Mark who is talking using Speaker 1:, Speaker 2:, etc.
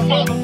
Speaker 1: motherfucker.